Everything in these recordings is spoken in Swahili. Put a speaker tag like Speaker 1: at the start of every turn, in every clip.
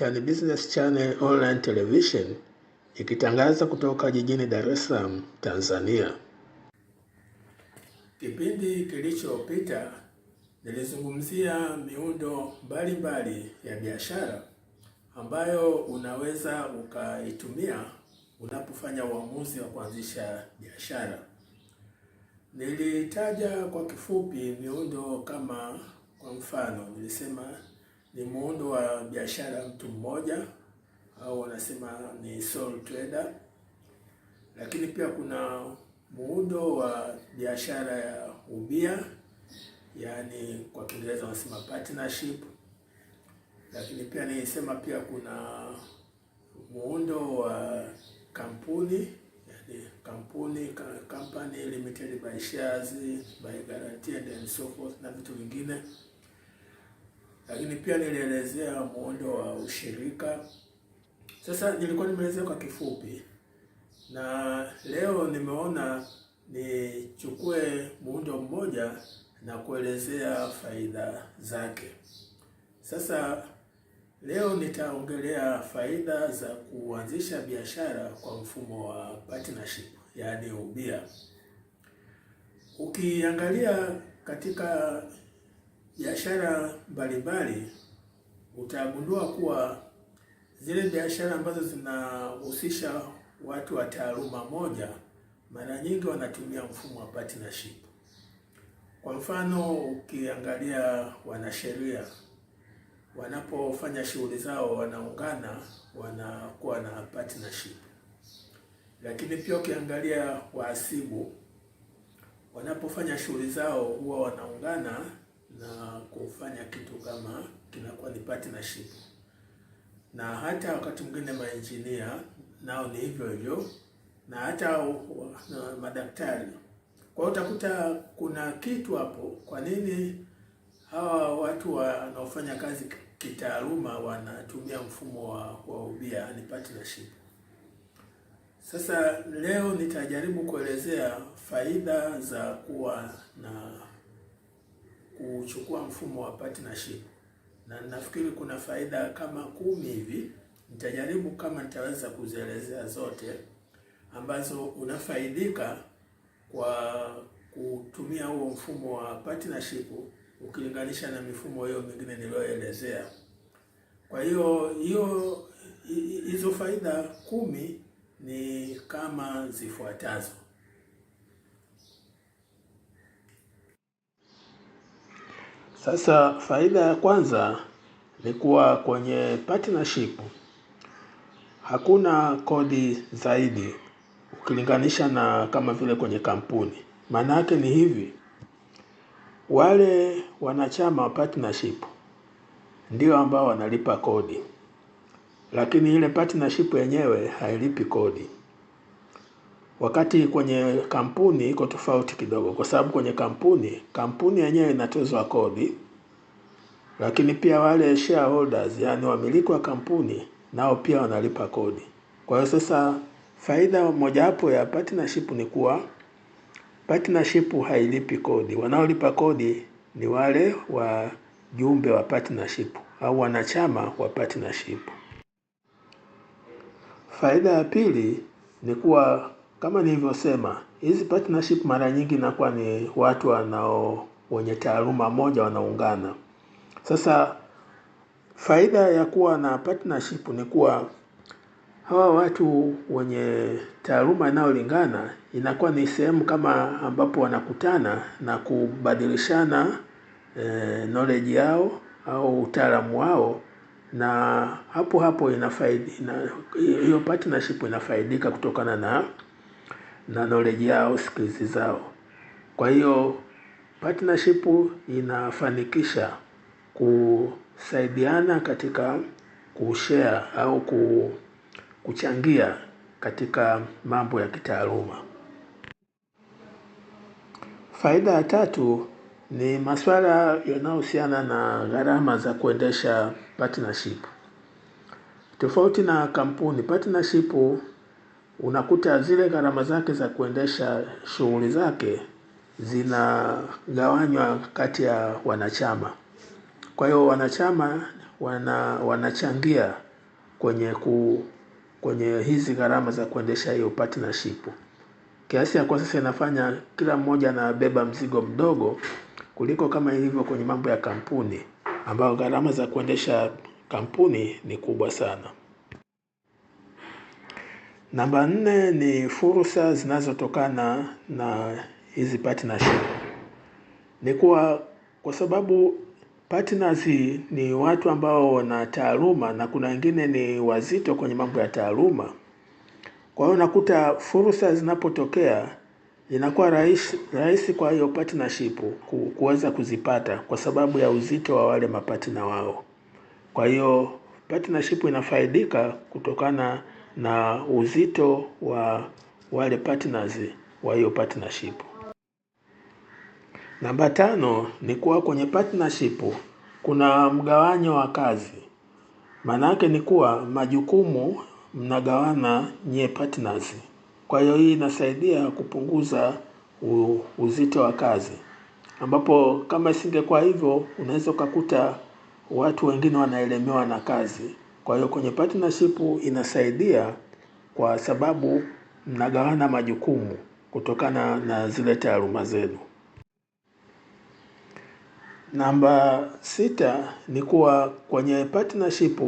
Speaker 1: Tan Business Channel Online Television ikitangaza kutoka jijini Dar es Salaam, Tanzania. Kipindi kilichopita nilizungumzia miundo mbalimbali ya biashara ambayo unaweza ukaitumia unapofanya uamuzi wa kuanzisha biashara. Nilitaja kwa kifupi miundo kama kwa mfano nilisema ni muundo wa biashara mtu mmoja au wanasema ni sole trader, lakini pia kuna muundo wa biashara ya ubia, yaani kwa Kiingereza wanasema partnership, lakini pia nisema pia kuna muundo wa kampuni yani kampuni company limited by shares by guarantee and so forth na vitu vingine lakini pia nilielezea muundo wa ushirika. Sasa nilikuwa nimeelezea kwa kifupi, na leo nimeona nichukue muundo mmoja na kuelezea faida zake. Sasa leo nitaongelea faida za kuanzisha biashara kwa mfumo wa partnership, yaani ubia. Ukiangalia katika biashara mbalimbali, utagundua kuwa zile biashara ambazo zinahusisha watu wa taaluma moja mara nyingi wanatumia mfumo wa partnership. Kwa mfano, ukiangalia wanasheria wanapofanya shughuli zao wanaungana, wanakuwa na partnership. Lakini pia ukiangalia wahasibu wanapofanya shughuli zao huwa wanaungana na kufanya kitu kama kinakuwa ni partnership, na hata wakati mwingine maengineer nao ni hivyo hivyo, na hata na madaktari. Kwa hiyo utakuta kuna kitu hapo. Kwa nini hawa watu wanaofanya kazi kitaaluma wanatumia mfumo wa, wa ubia ni partnership? Sasa leo nitajaribu kuelezea faida za kuwa na kuchukua mfumo wa partnership, na nafikiri kuna faida kama kumi hivi. Nitajaribu kama nitaweza kuzielezea zote ambazo unafaidika kwa kutumia huo mfumo wa partnership ukilinganisha na mifumo hiyo mingine niliyoelezea. Kwa hiyo hiyo hizo faida kumi ni kama zifuatazo. Sasa faida ya kwanza ni kuwa kwenye partnership hakuna kodi zaidi ukilinganisha na kama vile kwenye kampuni. Maana yake ni hivi, wale wanachama wa partnership ndio ambao wanalipa kodi, lakini ile partnership yenyewe hailipi kodi. Wakati kwenye kampuni iko tofauti kidogo, kwa sababu kwenye kampuni kampuni yenyewe inatozwa kodi, lakini pia wale shareholders, yani wamiliki wa kampuni, nao pia wanalipa kodi. Kwa hiyo sasa, faida mojawapo ya partnership ni kuwa partnership hailipi kodi. Wanaolipa kodi ni wale wajumbe wa partnership au wanachama wa partnership. Faida ya pili ni kuwa kama nilivyosema, hizi partnership mara nyingi inakuwa ni watu wanao wenye taaluma moja wanaungana. Sasa faida ya kuwa na partnership ni kuwa hawa watu wenye taaluma inayolingana inakuwa ni sehemu kama ambapo wanakutana na kubadilishana e, knowledge yao au utaalamu wao, na hapo hapo inafaidi hiyo partnership inafaidika kutokana na na knowledge yao, skills zao. Kwa hiyo partnership inafanikisha kusaidiana katika kushare au kuchangia katika mambo ya kitaaluma. Faida ya tatu ni maswala yanayohusiana na gharama za kuendesha partnership. Tofauti na kampuni partnership unakuta zile gharama zake za kuendesha shughuli zake zinagawanywa kati ya wanachama. Kwa hiyo wanachama wana, wanachangia kwenye ku, kwenye hizi gharama za kuendesha hiyo partnership, kiasi ya kwa sasa inafanya kila mmoja anabeba mzigo mdogo kuliko kama ilivyo kwenye mambo ya kampuni ambayo gharama za kuendesha kampuni ni kubwa sana. Namba nne ni fursa zinazotokana na hizi partnership. Ni kuwa kwa sababu partners ni watu ambao wana taaluma na kuna wengine ni wazito kwenye mambo ya taaluma. Kwa hiyo unakuta fursa zinapotokea inakuwa rahisi, rahisi kwa hiyo partnership kuweza kuzipata kwa sababu ya uzito wa wale mapatina wao. Kwa hiyo partnership inafaidika kutokana na uzito wa wale partners wa hiyo partnership. Namba tano ni kuwa kwenye partnership kuna mgawanyo wa kazi. Maana yake ni kuwa majukumu mnagawana nye partners. Kwa hiyo hii inasaidia kupunguza uzito wa kazi. Ambapo kama isingekuwa hivyo unaweza ukakuta watu wengine wanaelemewa na kazi kwa hiyo kwenye partnership inasaidia kwa sababu mnagawana majukumu kutokana na zile taaluma zenu. Namba sita ni kuwa kwenye partnership,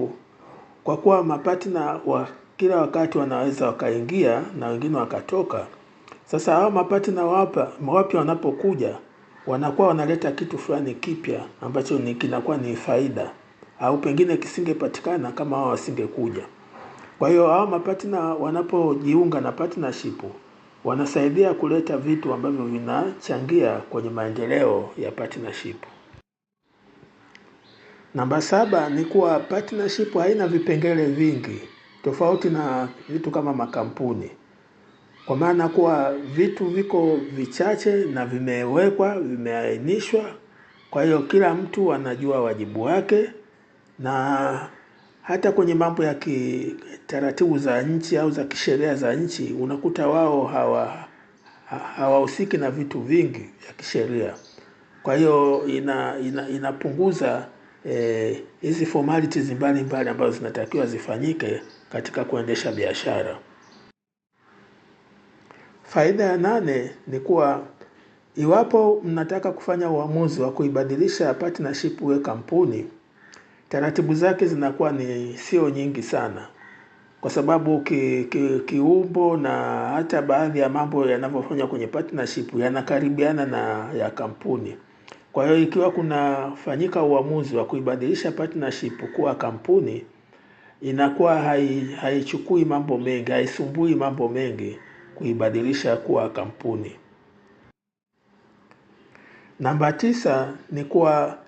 Speaker 1: kwa kuwa mapartner wa kila wakati wanaweza wakaingia na wengine wakatoka. Sasa hao mapartner wapya wanapokuja, wanakuwa wanaleta kitu fulani kipya ambacho ni kinakuwa ni faida au pengine kisingepatikana kama hao wasingekuja. Kwa hiyo hao mapatna wanapojiunga na partnership wanasaidia kuleta vitu ambavyo vinachangia kwenye maendeleo ya partnership. Namba saba ni kuwa partnership haina vipengele vingi tofauti na vitu kama makampuni, kwa maana kuwa vitu viko vichache na vimewekwa, vimeainishwa. Kwa hiyo kila mtu anajua wajibu wake na hata kwenye mambo ya taratibu za nchi au za kisheria za nchi unakuta wao hawa hawahusiki na vitu vingi vya kisheria. Kwa hiyo ina, ina, inapunguza eh, hizi eh, formalities mbalimbali ambazo zinatakiwa zifanyike katika kuendesha biashara. Faida ya nane ni kuwa iwapo mnataka kufanya uamuzi wa kuibadilisha partnership uwe kampuni taratibu zake zinakuwa ni sio nyingi sana, kwa sababu ki, ki, kiumbo na hata baadhi ya mambo yanavyofanywa kwenye partnership yanakaribiana na ya kampuni. Kwa hiyo ikiwa kunafanyika uamuzi wa kuibadilisha partnership kuwa kampuni, inakuwa haichukui mambo mengi, haisumbui mambo mengi kuibadilisha kuwa kampuni. Namba tisa ni kuwa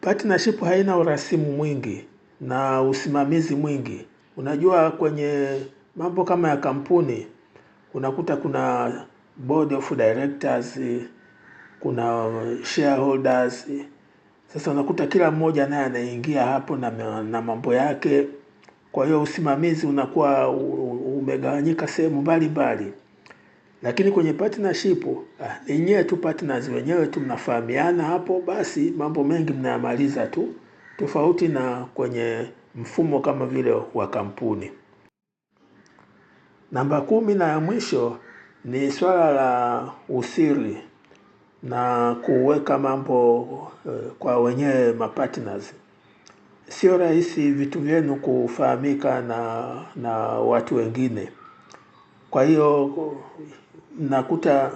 Speaker 1: Partnership haina urasimu mwingi na usimamizi mwingi. Unajua kwenye mambo kama ya kampuni, unakuta kuna board of directors, kuna shareholders. Sasa unakuta kila mmoja naye anaingia hapo na, na mambo yake. Kwa hiyo usimamizi unakuwa umegawanyika sehemu mbalimbali. Lakini kwenye partnership ah, ni tu partners wenyewe tu mnafahamiana hapo, basi mambo mengi mnayamaliza tu, tofauti na kwenye mfumo kama vile wa kampuni. Namba kumi na ya mwisho ni swala la usiri na kuweka mambo eh, kwa wenyewe mapartners. Sio rahisi vitu vyenu kufahamika na, na watu wengine. Kwa hiyo mnakuta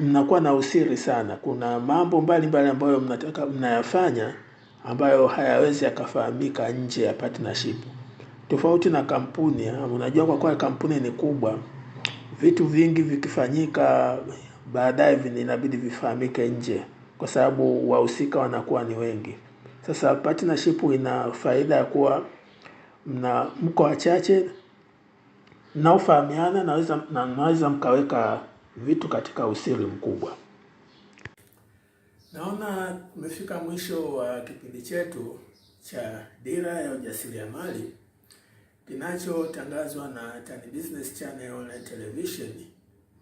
Speaker 1: mnakuwa na usiri sana. Kuna mambo mbalimbali ambayo mnataka mnayafanya ambayo hayawezi yakafahamika nje ya partnership. Tofauti na kampuni, unajua kwa kuwa kampuni ni kubwa, vitu vingi vikifanyika baadaye inabidi vifahamike nje kwa sababu wahusika wanakuwa ni wengi. Sasa partnership ina faida ya kuwa mna mko wachache mnaofahamiana naweza na naweza mkaweka vitu katika usiri mkubwa. Naona tumefika mwisho wa kipindi chetu cha Dira ya Ujasiriamali kinachotangazwa na Tan Business Channel Online Television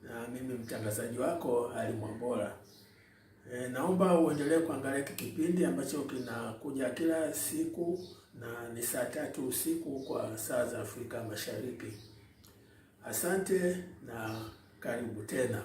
Speaker 1: na mimi mtangazaji wako Ali Mwambola. E, naomba uendelee kuangalia kipindi ambacho kinakuja kila siku na ni saa tatu usiku kwa saa za Afrika Mashariki. Asante na karibu tena.